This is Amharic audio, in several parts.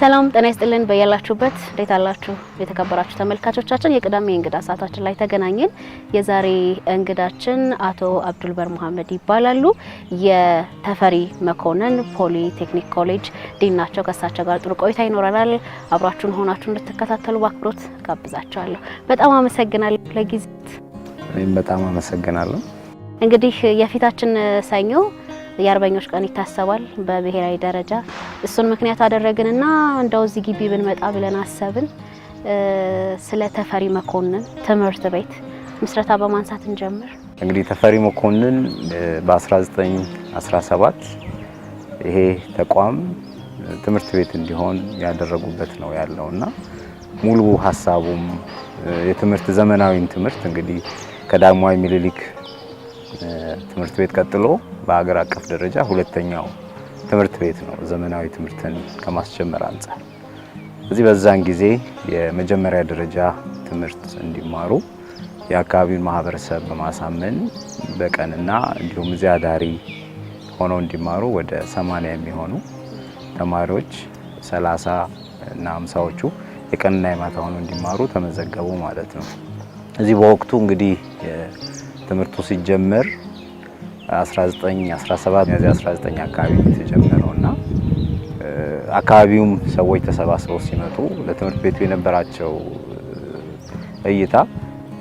ሰላም ጤና ይስጥልን በያላችሁበት እንዴት አላችሁ? የተከበራችሁ ተመልካቾቻችን የቅዳሜ እንግዳ ሰዓታችን ላይ ተገናኘን። የዛሬ እንግዳችን አቶ አብዱልበር መሀመድ ይባላሉ። የተፈሪ መኮንን ቴክኒክ ኮሌጅ ዲን ናቸው። ከእሳቸው ጋር ጥሩ ቆይታ ይኖረናል። አብራችሁን ሆናችሁ እንድትከታተሉ በአክብሮት ጋብዛቸዋለሁ። በጣም አመሰግናለሁ ለጊዜት። እኔም በጣም አመሰግናለሁ። እንግዲህ የፊታችን ሰኞ የአርበኞች ቀን ይታሰባል በብሔራዊ ደረጃ። እሱን ምክንያት አደረግንና እንደው እዚህ ግቢ ብንመጣ ብለን አሰብን። ስለ ተፈሪ መኮንን ትምህርት ቤት ምስረታ በማንሳት እንጀምር። እንግዲህ ተፈሪ መኮንን በ1917 ይሄ ተቋም ትምህርት ቤት እንዲሆን ያደረጉበት ነው ያለው እና ሙሉ ሀሳቡም የትምህርት ዘመናዊን ትምህርት እንግዲህ ከዳግማዊ ምኒልክ ትምህርት ቤት ቀጥሎ በሀገር አቀፍ ደረጃ ሁለተኛው ትምህርት ቤት ነው፣ ዘመናዊ ትምህርትን ከማስጀመር አንጻር። እዚህ በዛን ጊዜ የመጀመሪያ ደረጃ ትምህርት እንዲማሩ የአካባቢውን ማህበረሰብ በማሳመን በቀንና እንዲሁም እዚያ አዳሪ ሆነው እንዲማሩ ወደ 80 የሚሆኑ ተማሪዎች 30 እና 50ዎቹ የቀንና የማታ ሆነው እንዲማሩ ተመዘገቡ ማለት ነው። እዚህ በወቅቱ እንግዲህ ትምህርቱ ሲጀመር 1917 ሚያዝያ 19 አካባቢ የተጀመረው እና አካባቢውም ሰዎች ተሰባስበው ሲመጡ ለትምህርት ቤቱ የነበራቸው እይታ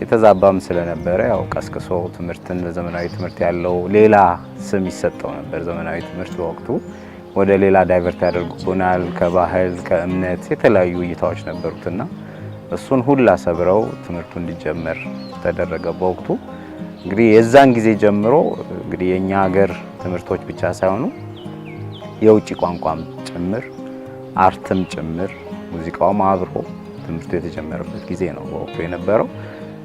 የተዛባም ስለነበረ ያው ቀስቅሶ ትምህርትን ለዘመናዊ ትምህርት ያለው ሌላ ስም ይሰጠው ነበር። ዘመናዊ ትምህርት በወቅቱ ወደ ሌላ ዳይቨርት ያደርጉናል። ከባህል ከእምነት የተለያዩ እይታዎች ነበሩትና እሱን ሁላ ሰብረው ትምህርቱ እንዲጀመር ተደረገ በወቅቱ እንግዲህ የዛን ጊዜ ጀምሮ እንግዲህ የእኛ ሀገር ትምህርቶች ብቻ ሳይሆኑ የውጭ ቋንቋም ጭምር አርትም ጭምር ሙዚቃውም አብሮ ትምህርቱ የተጀመረበት ጊዜ ነው በወቅቱ የነበረው።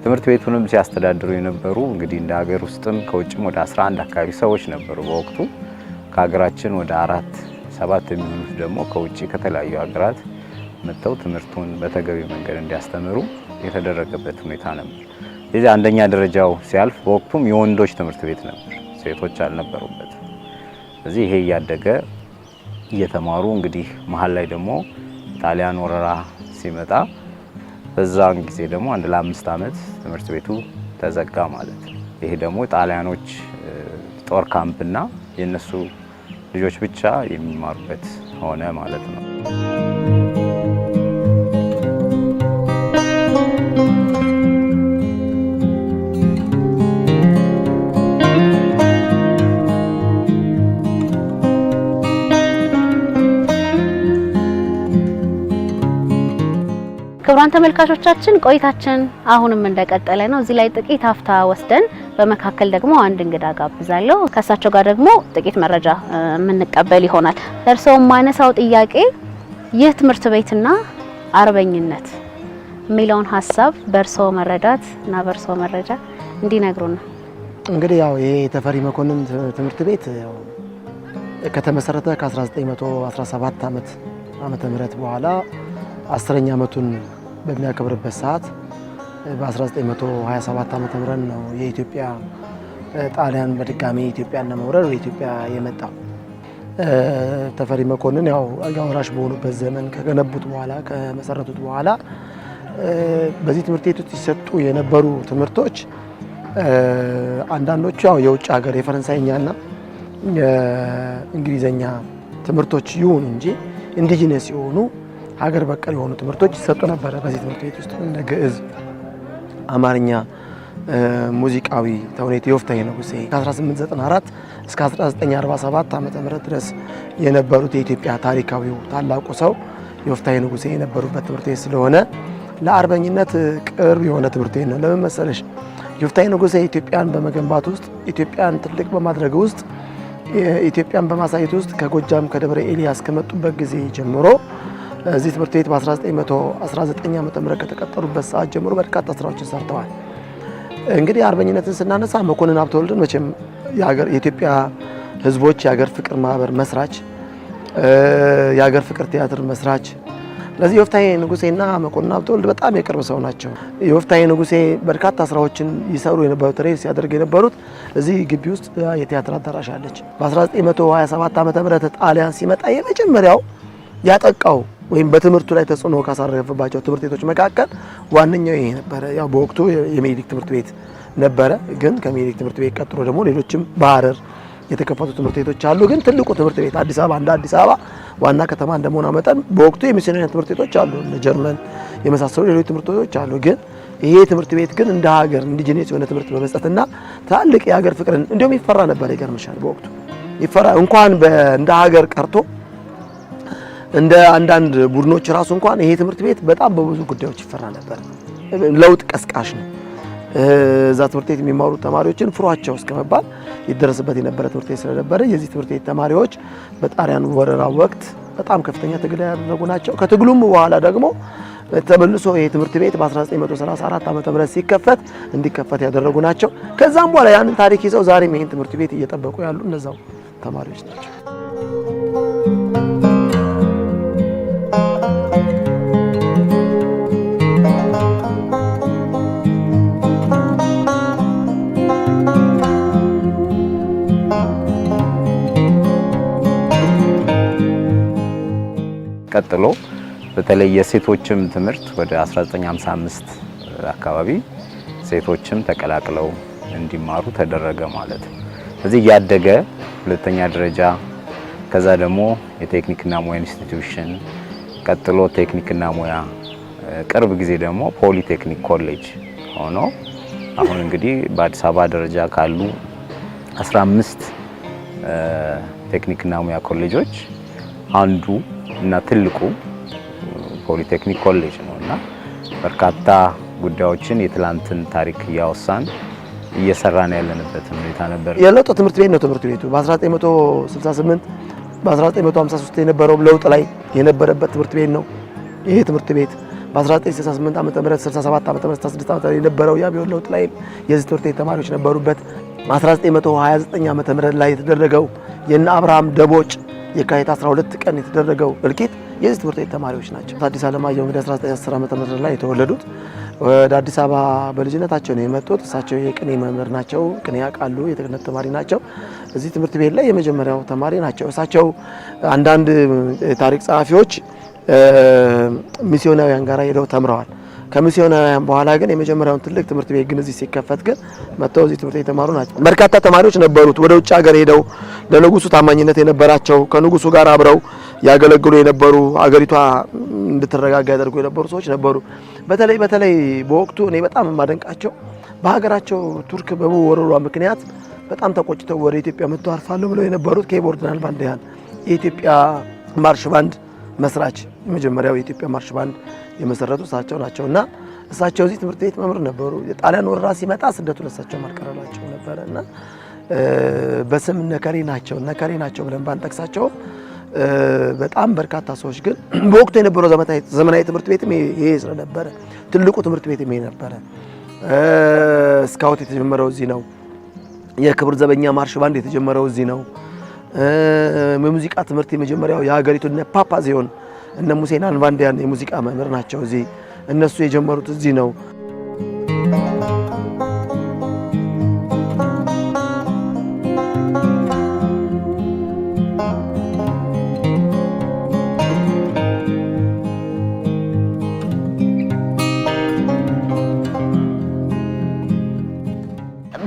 ትምህርት ቤቱንም ሲያስተዳድሩ የነበሩ እንግዲህ እንደ ሀገር ውስጥም ከውጭም ወደ 11 አካባቢ ሰዎች ነበሩ በወቅቱ ከሀገራችን ወደ አራት ሰባት የሚሆኑት ደግሞ ከውጭ ከተለያዩ ሀገራት መጥተው ትምህርቱን በተገቢ መንገድ እንዲያስተምሩ የተደረገበት ሁኔታ ነበር። የዚህ አንደኛ ደረጃው ሲያልፍ በወቅቱም የወንዶች ትምህርት ቤት ነበር፣ ሴቶች አልነበሩበትም። እዚህ ይሄ እያደገ እየተማሩ እንግዲህ መሀል ላይ ደግሞ ጣሊያን ወረራ ሲመጣ በዛን ጊዜ ደግሞ አንድ ለአምስት ዓመት ትምህርት ቤቱ ተዘጋ ማለት ነው። ይሄ ደግሞ ጣሊያኖች ጦር ካምፕና የእነሱ ልጆች ብቻ የሚማሩበት ሆነ ማለት ነው። ክቡራን ተመልካቾቻችን ቆይታችን አሁንም እንደቀጠለ ነው። እዚህ ላይ ጥቂት ሀፍታ ወስደን በመካከል ደግሞ አንድ እንግዳ ጋብዛለሁ። ከእሳቸው ጋር ደግሞ ጥቂት መረጃ የምንቀበል ይሆናል። እርስዎ ማነሳው ጥያቄ ይህ ትምህርት ቤትና አርበኝነት የሚለውን ሀሳብ በእርስዎ መረዳት እና በእርስዎ መረጃ ነው። እንግዲህ ያው ይህ ተፈሪ መኮንን ትምህርት ቤት ከተመሰረተ ከ1917 ዓመተ ምህረት በኋላ አስረኛ ዓመቱን በሚያከብርበት ሰዓት በ1927 ዓ ም ነው የኢትዮጵያ ጣሊያን በድጋሚ ኢትዮጵያን ለመውረር ወደ ኢትዮጵያ የመጣው። ተፈሪ መኮንን ያው አልጋ ወራሽ በሆኑበት ዘመን ከገነቡት በኋላ ከመሰረቱት በኋላ በዚህ ትምህርት ቤት ውስጥ ሲሰጡ የነበሩ ትምህርቶች አንዳንዶቹ ያው የውጭ ሀገር የፈረንሳይኛና የእንግሊዘኛ ትምህርቶች ይሁኑ እንጂ ኢንዲጂነስ የሆኑ ሀገር በቀል የሆኑ ትምህርቶች ይሰጡ ነበረ በዚህ ትምህርት ቤት ውስጥ እንደ ግዕዝ፣ አማርኛ፣ ሙዚቃዊ ተውኔት የወፍታሔ ንጉሴ ከ1894 እስከ 1947 ዓ.ም ድረስ የነበሩት የኢትዮጵያ ታሪካዊው ታላቁ ሰው የወፍታዬ ንጉሴ የነበሩበት ትምህርት ቤት ስለሆነ ለአርበኝነት ቅርብ የሆነ ትምህርት ቤት ነው። ለምን መሰለሽ? የወፍታዬ ንጉሴ ኢትዮጵያን በመገንባት ውስጥ ኢትዮጵያን ትልቅ በማድረግ ውስጥ ኢትዮጵያን በማሳየት ውስጥ ከጎጃም ከደብረ ኤልያስ ከመጡበት ጊዜ ጀምሮ እዚህ ትምህርት ቤት በ1919 ዓ ም ከተቀጠሩበት ሰዓት ጀምሮ በርካታ ስራዎችን ሰርተዋል። እንግዲህ አርበኝነትን ስናነሳ መኮንን ሀብተወልድን መቼም የኢትዮጵያ ህዝቦች የሀገር ፍቅር ማህበር መስራች፣ የሀገር ፍቅር ቲያትር መስራች። ስለዚህ የወፍታዬ ንጉሴና መኮንን ሀብተወልድ በጣም የቅርብ ሰው ናቸው። የወፍታዬ ንጉሴ በርካታ ስራዎችን ይሰሩ በተለይ ሲያደርግ የነበሩት እዚህ ግቢ ውስጥ የቲያትር አዳራሽ አለች። በ1927 ዓ ም ጣሊያን ሲመጣ የመጀመሪያው ያጠቃው ወይም በትምህርቱ ላይ ተጽዕኖ ካሳረፈባቸው ትምህርት ቤቶች መካከል ዋነኛው ይሄ ነበረ። ያው በወቅቱ የሜዲክ ትምህርት ቤት ነበረ፣ ግን ከሜዲክ ትምህርት ቤት ቀጥሎ ደግሞ ሌሎችም በሀረር የተከፈቱ ትምህርት ቤቶች አሉ። ግን ትልቁ ትምህርት ቤት አዲስ አበባ እንደ አዲስ አበባ ዋና ከተማ እንደመሆኗ መጠን በወቅቱ የሚስዮናውያን ትምህርት ቤቶች አሉ፣ እነ ጀርመን የመሳሰሉ ሌሎች ትምህርት ቤቶች አሉ። ግን ይሄ ትምህርት ቤት ግን እንደ ሀገር ኢንዲጂነስ የሆነ ትምህርት በመስጠትና ትላልቅ የሀገር ፍቅርን እንዲሁም ይፈራ ነበር። ይገርምሻል፣ በወቅቱ ይፈራ እንኳን እንደ ሀገር ቀርቶ እንደ አንዳንድ ቡድኖች ራሱ እንኳን ይሄ ትምህርት ቤት በጣም በብዙ ጉዳዮች ይፈራ ነበር። ለውጥ ቀስቃሽ ነው። እዛ ትምህርት ቤት የሚማሩ ተማሪዎችን ፍሯቸው እስከመባል ይደረስበት የነበረ ትምህርት ቤት ስለነበረ የዚህ ትምህርት ቤት ተማሪዎች በጣሪያን ወረራ ወቅት በጣም ከፍተኛ ትግል ያደረጉ ናቸው። ከትግሉም በኋላ ደግሞ ተመልሶ ይሄ ትምህርት ቤት በ1934 ዓ ም ሲከፈት እንዲከፈት ያደረጉ ናቸው። ከዛም በኋላ ያንን ታሪክ ይዘው ዛሬም ይህን ትምህርት ቤት እየጠበቁ ያሉ እነዛው ተማሪዎች ናቸው። ቀጥሎ በተለይ የሴቶችም ትምህርት ወደ 1955 አካባቢ ሴቶችም ተቀላቅለው እንዲማሩ ተደረገ ማለት ነው። ስለዚህ እያደገ ሁለተኛ ደረጃ ከዛ ደግሞ የቴክኒክና ሙያ ኢንስቲትዩሽን ቀጥሎ ቴክኒክና ሙያ ቅርብ ጊዜ ደግሞ ፖሊቴክኒክ ኮሌጅ ሆኖ አሁን እንግዲህ በአዲስ አበባ ደረጃ ካሉ 15 ቴክኒክና ሙያ ኮሌጆች አንዱ እና ትልቁ ፖሊቴክኒክ ኮሌጅ ነው እና በርካታ ጉዳዮችን የትላንትን ታሪክ እያወሳን እየሰራን ያለንበትን ሁኔታ ነበር። የለውጥ ትምህርት ቤት ነው። ትምህርት ቤቱ በ1968 በ1953 የነበረው ለውጥ ላይ የነበረበት ትምህርት ቤት ነው። ይሄ ትምህርት ቤት በ1968 ዓ ም 67 ዓ ም 66 ዓ ም የነበረው የአብዮት ለውጥ ላይ የዚህ ትምህርት ቤት ተማሪዎች ነበሩበት። በ1929 ዓ ም ላይ የተደረገው የነ አብርሃም ደቦጭ የካቲት 12 ቀን የተደረገው እልቂት የዚህ ትምህርት ቤት ተማሪዎች ናቸው። አዲስ ዓለማየሁ እንግዲህ 1910 ዓመተ ምህረት ላይ የተወለዱት ወደ አዲስ አበባ በልጅነታቸው ነው የመጡት። እሳቸው የቅኔ መምህር ናቸው። ቅኔ ያውቃሉ። የተቅነት ተማሪ ናቸው። እዚህ ትምህርት ቤት ላይ የመጀመሪያው ተማሪ ናቸው። እሳቸው አንዳንድ ታሪክ ጸሐፊዎች ሚስዮናውያን ጋር ሄደው ተምረዋል። ከሚስዮናውያን በኋላ ግን የመጀመሪያውን ትልቅ ትምህርት ቤት ግን እዚህ ሲከፈት ግን መጥተው እዚህ ትምህርት የተማሩ ናቸው። በርካታ ተማሪዎች ነበሩት። ወደ ውጭ ሀገር ሄደው ለንጉሱ ታማኝነት የነበራቸው ከንጉሱ ጋር አብረው ያገለግሉ የነበሩ አገሪቷ እንድትረጋጋ ያደርጉ የነበሩ ሰዎች ነበሩ። በተለይ በተለይ በወቅቱ እኔ በጣም የማደንቃቸው በሀገራቸው ቱርክ በመወረሯ ምክንያት በጣም ተቆጭተው ወደ ኢትዮጵያ መጥተው አርፋለሁ ብለው የነበሩት ኬይቦርድናል ባንዲያን የኢትዮጵያ ማርሽ ባንድ መስራች የመጀመሪያው የኢትዮጵያ ማርሽ ባንድ የመሰረቱ እሳቸው ናቸው እና እሳቸው እዚህ ትምህርት ቤት መምህር ነበሩ። የጣሊያን ወረራ ሲመጣ ስደቱ እሳቸውም አልቀረላቸው ነበረ እና በስም ነከሬ ናቸው ነከሬ ናቸው ብለን ባንጠቅሳቸውም በጣም በርካታ ሰዎች ግን በወቅቱ የነበረው ዘመናዊ ትምህርት ቤትም ይሄ ስለነበረ ትልቁ ትምህርት ቤትም ይሄ ነበረ። ስካውት የተጀመረው እዚህ ነው። የክብር ዘበኛ ማርሽ ባንድ የተጀመረው እዚህ ነው። የሙዚቃ ትምህርት የመጀመሪያው የሀገሪቱን ፓፓዚዮን እነ ሙሴን አንቫንዲያን የሙዚቃ መምህር ናቸው። እዚህ እነሱ የጀመሩት እዚህ ነው።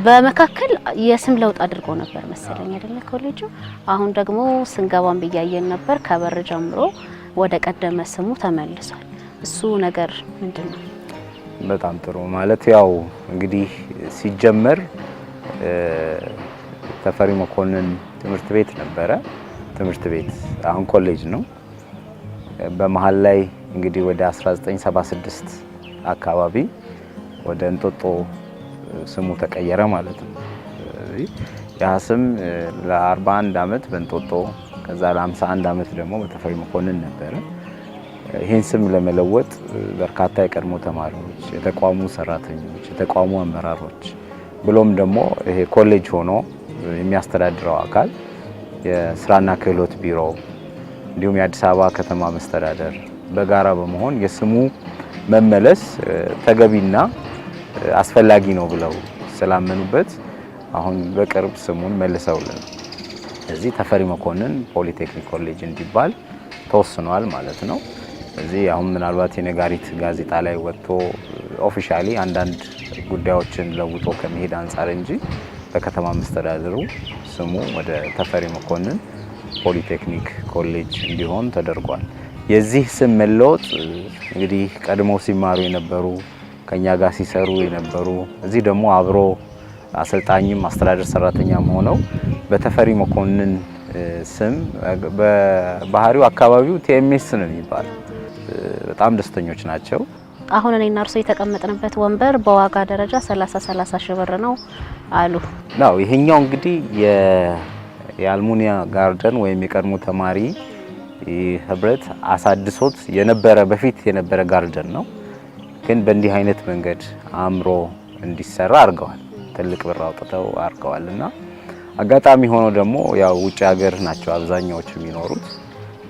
በመካከል የስም ለውጥ አድርጎ ነበር መሰለኝ አይደለ ኮሌጁ። አሁን ደግሞ ስንገባም ብያየን ነበር ከበር ጀምሮ ወደ ቀደመ ስሙ ተመልሷል። እሱ ነገር ምንድን ነው? በጣም ጥሩ ማለት ያው እንግዲህ ሲጀመር ተፈሪ መኮንን ትምህርት ቤት ነበረ። ትምህርት ቤት አሁን ኮሌጅ ነው። በመሀል ላይ እንግዲህ ወደ 1976 አካባቢ ወደ እንጦጦ ስሙ ተቀየረ ማለት ነው። ያ ስም ለ41 ዓመት በእንጦጦ ከዛ ለ51 ዓመት ደግሞ በተፈሪ መኮንን ነበረ። ይህን ስም ለመለወጥ በርካታ የቀድሞ ተማሪዎች፣ የተቋሙ ሰራተኞች፣ የተቋሙ አመራሮች ብሎም ደግሞ ይሄ ኮሌጅ ሆኖ የሚያስተዳድረው አካል የስራና ክህሎት ቢሮ እንዲሁም የአዲስ አበባ ከተማ መስተዳደር በጋራ በመሆን የስሙ መመለስ ተገቢና አስፈላጊ ነው ብለው ስላመኑበት አሁን በቅርብ ስሙን መልሰውልን እዚህ ተፈሪ መኮንን ፖሊቴክኒክ ኮሌጅ እንዲባል ተወስኗል ማለት ነው። እዚህ አሁን ምናልባት የነጋሪት ጋዜጣ ላይ ወጥቶ ኦፊሻሊ አንዳንድ ጉዳዮችን ለውጦ ከመሄድ አንጻር እንጂ በከተማ መስተዳድሩ ስሙ ወደ ተፈሪ መኮንን ፖሊቴክኒክ ኮሌጅ እንዲሆን ተደርጓል። የዚህ ስም መለወጥ እንግዲህ ቀድሞ ሲማሩ የነበሩ ከኛ ጋር ሲሰሩ የነበሩ እዚህ ደግሞ አብሮ አሰልጣኝም አስተዳደር ሰራተኛም ሆነው በተፈሪ መኮንን ስም በባህሪው አካባቢው ቲኤምኤስ ነው የሚባል በጣም ደስተኞች ናቸው። አሁን እኔና እርሶ የተቀመጥንበት ወንበር በዋጋ ደረጃ 30 30 ሺህ ብር ነው አሉ ነው። ይሄኛው እንግዲህ የአልሙኒያ ጋርደን ወይም የቀድሞ ተማሪ ህብረት አሳድሶት የነበረ በፊት የነበረ ጋርደን ነው፣ ግን በእንዲህ አይነት መንገድ አምሮ እንዲሰራ አድርገዋል። ትልቅ ብር አውጥተው አድርገዋል እና አጋጣሚ ሆኖ ደግሞ ያው ውጭ ሀገር ናቸው አብዛኛዎቹ የሚኖሩት።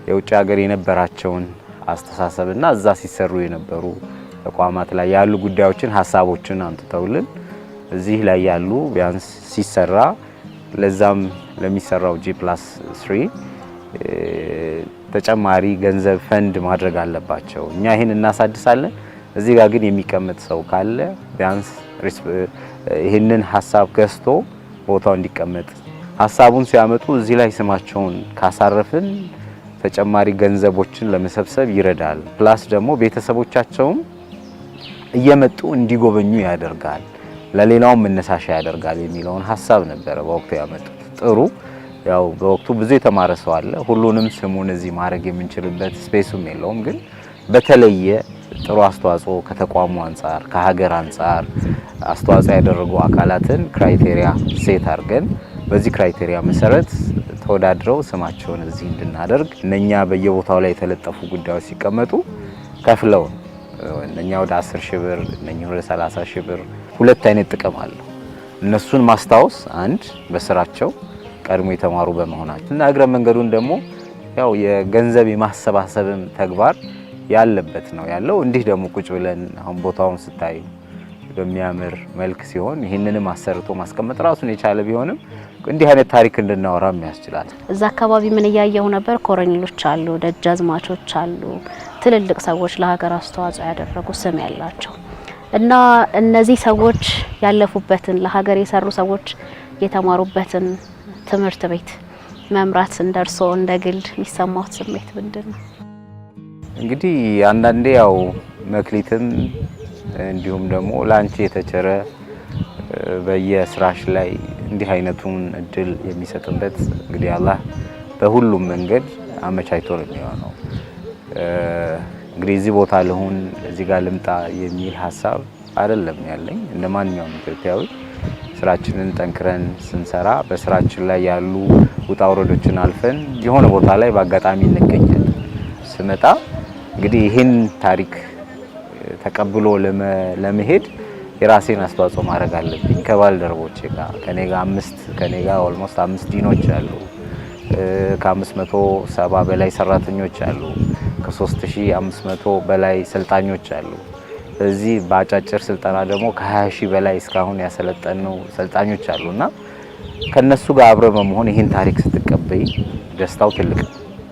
የውጭ ሀገር የነበራቸውን አስተሳሰብና እዛ ሲሰሩ የነበሩ ተቋማት ላይ ያሉ ጉዳዮችን፣ ሀሳቦችን አንጥተውልን እዚህ ላይ ያሉ ቢያንስ ሲሰራ ለዛም ለሚሰራው ጂ ፕላስ ስሪ ተጨማሪ ገንዘብ ፈንድ ማድረግ አለባቸው። እኛ ይህን እናሳድሳለን። እዚህ ጋር ግን የሚቀመጥ ሰው ካለ ቢያንስ ይህንን ሀሳብ ገዝቶ ቦታው እንዲቀመጥ ሀሳቡን ሲያመጡ እዚህ ላይ ስማቸውን ካሳረፍን ተጨማሪ ገንዘቦችን ለመሰብሰብ ይረዳል። ፕላስ ደግሞ ቤተሰቦቻቸውም እየመጡ እንዲጎበኙ ያደርጋል፣ ለሌላውም መነሳሻ ያደርጋል የሚለውን ሀሳብ ነበረ በወቅቱ ያመጡት። ጥሩ ያው በወቅቱ ብዙ የተማረ ሰው አለ። ሁሉንም ስሙን እዚህ ማድረግ የምንችልበት ስፔሱም የለውም፣ ግን በተለየ ጥሩ አስተዋጽኦ ከተቋሙ አንጻር ከሀገር አንጻር አስተዋጽኦ ያደረጉ አካላትን ክራይቴሪያ ሴት አድርገን በዚህ ክራይቴሪያ መሰረት ተወዳድረው ስማቸውን እዚህ እንድናደርግ እነኛ በየቦታው ላይ የተለጠፉ ጉዳዮች ሲቀመጡ ከፍለው እነኛ ወደ 10 ሺህ ብር እነኛ ወደ 30 ሺህ ብር ሁለት አይነት ጥቅም አለው። እነሱን ማስታወስ አንድ በስራቸው ቀድሞ የተማሩ በመሆናቸው እና እግረ መንገዱን ደግሞ ያው የገንዘብ የማሰባሰብም ተግባር ያለበት ነው ያለው። እንዲህ ደግሞ ቁጭ ብለን አሁን ቦታውን ስታዩ በሚያምር መልክ ሲሆን ይህንንም አሰርቶ ማስቀመጥ ራሱን የቻለ ቢሆንም እንዲህ አይነት ታሪክ እንድናወራ የሚያስችላል። እዛ አካባቢ ምን እያየው ነበር? ኮረኔሎች አሉ፣ ደጃዝማቾች አሉ፣ ትልልቅ ሰዎች ለሀገር አስተዋጽኦ ያደረጉ ስም ያላቸው እና እነዚህ ሰዎች ያለፉበትን ለሀገር የሰሩ ሰዎች የተማሩበትን ትምህርት ቤት መምራት እንደርሶ እንደ ግል የሚሰማዎት ስሜት ምንድን ነው? እንግዲህ አንዳንዴ ያው መክሊትም እንዲሁም ደግሞ ላንቺ የተቸረ በየስራሽ ላይ እንዲህ አይነቱን እድል የሚሰጥበት እንግዲህ አላህ በሁሉም መንገድ አመቻችቶ ነው የሚሆነው። እንግዲህ እዚህ ቦታ ልሁን እዚህ ጋር ልምጣ የሚል ሀሳብ አይደለም ያለኝ። እንደ ማንኛውም ኢትዮጵያዊ ስራችንን ጠንክረን ስንሰራ በስራችን ላይ ያሉ ውጣ ውረዶችን አልፈን የሆነ ቦታ ላይ በአጋጣሚ እንገኛለን። ስመጣ እንግዲህ ይህን ታሪክ ተቀብሎ ለመሄድ የራሴን አስተዋጽኦ ማድረግ አለብኝ። ከባልደረቦቼ ጋር ከኔ ጋር አምስት ከኔ ጋር ኦልሞስት አምስት ዲኖች አሉ። ከአምስት መቶ ሰባ በላይ ሰራተኞች አሉ። ከሶስት ሺህ አምስት መቶ በላይ ሰልጣኞች አሉ። በዚህ በአጫጭር ስልጠና ደግሞ ከ20 ሺህ በላይ እስካሁን ያሰለጠኑ ሰልጣኞች አሉ እና ከእነሱ ጋር አብረ በመሆን ይህን ታሪክ ስትቀበይ ደስታው ትልቅ፣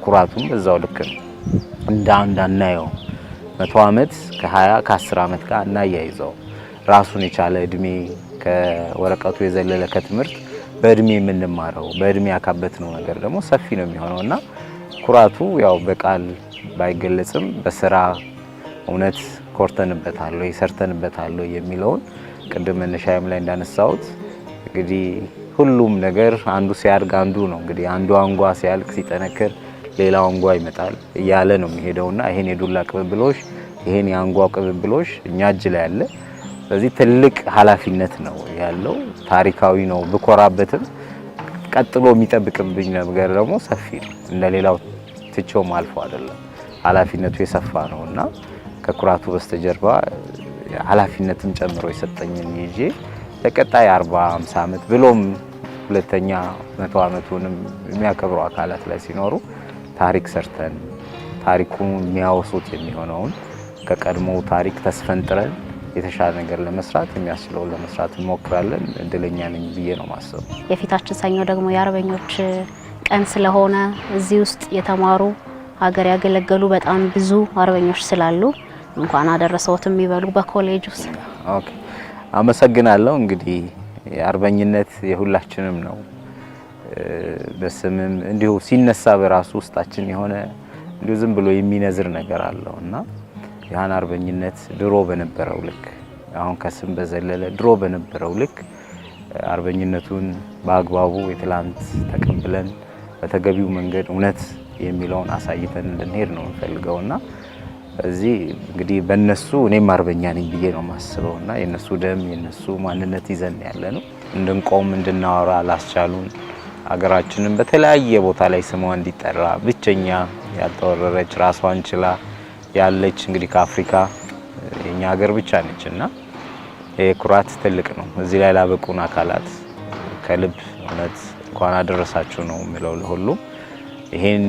ኩራቱም እዛው ልክ ነው። እንደ አንድ አናየው። መቶ ዓመት ከ20 ከ10 ዓመት ጋር እናያይዘው። ራሱን የቻለ እድሜ ከወረቀቱ የዘለለ ከትምህርት በእድሜ የምንማረው በእድሜ ነው ነገር ደግሞ ሰፊ ነው የሚሆነው እና ኩራቱ ያው በቃል ባይገለጽም በስራ እውነት ኮርተንበታል ወይ ሰርተንበታል ወይ የሚለውን ቅድም መነሻዬም ላይ እንዳነሳሁት እንግዲህ ሁሉም ነገር አንዱ ሲያድግ አንዱ ነው እንግዲህ አንዱ አንጓ ሲያልቅ ሲጠነክር ሌላ አንጓ ይመጣል እያለ ነው የሚሄደውና ይሄን የዱላ ቅብብሎሽ ይሄን የአንጓ ቅብብሎሽ እኛ እጅ ላይ አለ። ስለዚህ ትልቅ ኃላፊነት ነው ያለው። ታሪካዊ ነው ብኮራበትም፣ ቀጥሎ የሚጠብቅብኝ ነገር ደግሞ ሰፊ ነው። እንደ ሌላው ትቼውም አልፎ አይደለም። ኃላፊነቱ የሰፋ ነው እና ከኩራቱ በስተጀርባ ኃላፊነትም ጨምሮ የሰጠኝን ይዤ ለቀጣይ 40 50 ዓመት ብሎም ሁለተኛ መቶ ዓመቱንም የሚያከብሩ አካላት ላይ ሲኖሩ ታሪክ ሰርተን ታሪኩን የሚያወሱት የሚሆነውን ከቀድሞ ታሪክ ተስፈንጥረን የተሻለ ነገር ለመስራት የሚያስችለውን ለመስራት እንሞክራለን። እድለኛ ነኝ ብዬ ነው ማሰብ። የፊታችን ሰኞ ደግሞ የአርበኞች ቀን ስለሆነ እዚህ ውስጥ የተማሩ ሀገር ያገለገሉ በጣም ብዙ አርበኞች ስላሉ እንኳን አደረሰዎት የሚበሉ በኮሌጅ ውስጥ አመሰግናለሁ። እንግዲህ አርበኝነት የሁላችንም ነው። በስምም እንዲሁ ሲነሳ በራሱ ውስጣችን የሆነ እንዲሁ ዝም ብሎ የሚነዝር ነገር አለው እና ያህን አርበኝነት ድሮ በነበረው ልክ አሁን ከስም በዘለለ ድሮ በነበረው ልክ አርበኝነቱን በአግባቡ የትላንት ተቀብለን በተገቢው መንገድ እውነት የሚለውን አሳይተን እንድንሄድ ነው የምንፈልገው እና እዚህ እንግዲህ በእነሱ እኔም አርበኛ ነኝ ብዬ ነው የማስበው እና የእነሱ ደም የእነሱ ማንነት ይዘን ያለ ነው እንድንቆም እንድናወራ ላስቻሉን ሀገራችንን በተለያየ ቦታ ላይ ስሟ እንዲጠራ ብቸኛ ያልተወረረች ራሷን ችላ ያለች እንግዲህ ከአፍሪካ የኛ ሀገር ብቻ ነች እና የኩራት ትልቅ ነው። እዚህ ላይ ላበቁን አካላት ከልብ እውነት እንኳን አደረሳችሁ ነው የሚለው ለሁሉም ይሄን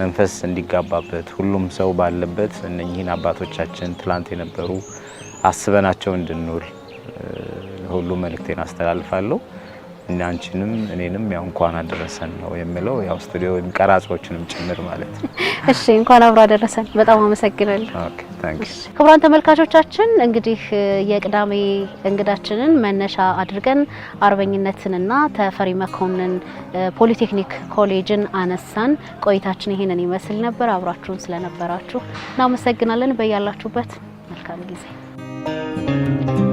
መንፈስ እንዲጋባበት ሁሉም ሰው ባለበት እነኚህን አባቶቻችን ትላንት የነበሩ አስበናቸው እንድንል ሁሉ መልእክቴን አስተላልፋለሁ። እናንችንም እኔንም ያው እንኳን አደረሰን ነው የምለው፣ ያው ስቱዲዮ ወይም ቀራጾችንም ጭምር ማለት ነው። እሺ እንኳን አብሮ አደረሰን። በጣም አመሰግናለሁ። ኦኬ ታንክ ዩ። ክቡራን ተመልካቾቻችን እንግዲህ የቅዳሜ እንግዳችንን መነሻ አድርገን አርበኝነትንና ተፈሪ መኮንን ፖሊቴክኒክ ኮሌጅን አነሳን። ቆይታችን ይሄንን ይመስል ነበር። አብራችሁን ስለነበራችሁ እናመሰግናለን። በያላችሁበት መልካም ጊዜ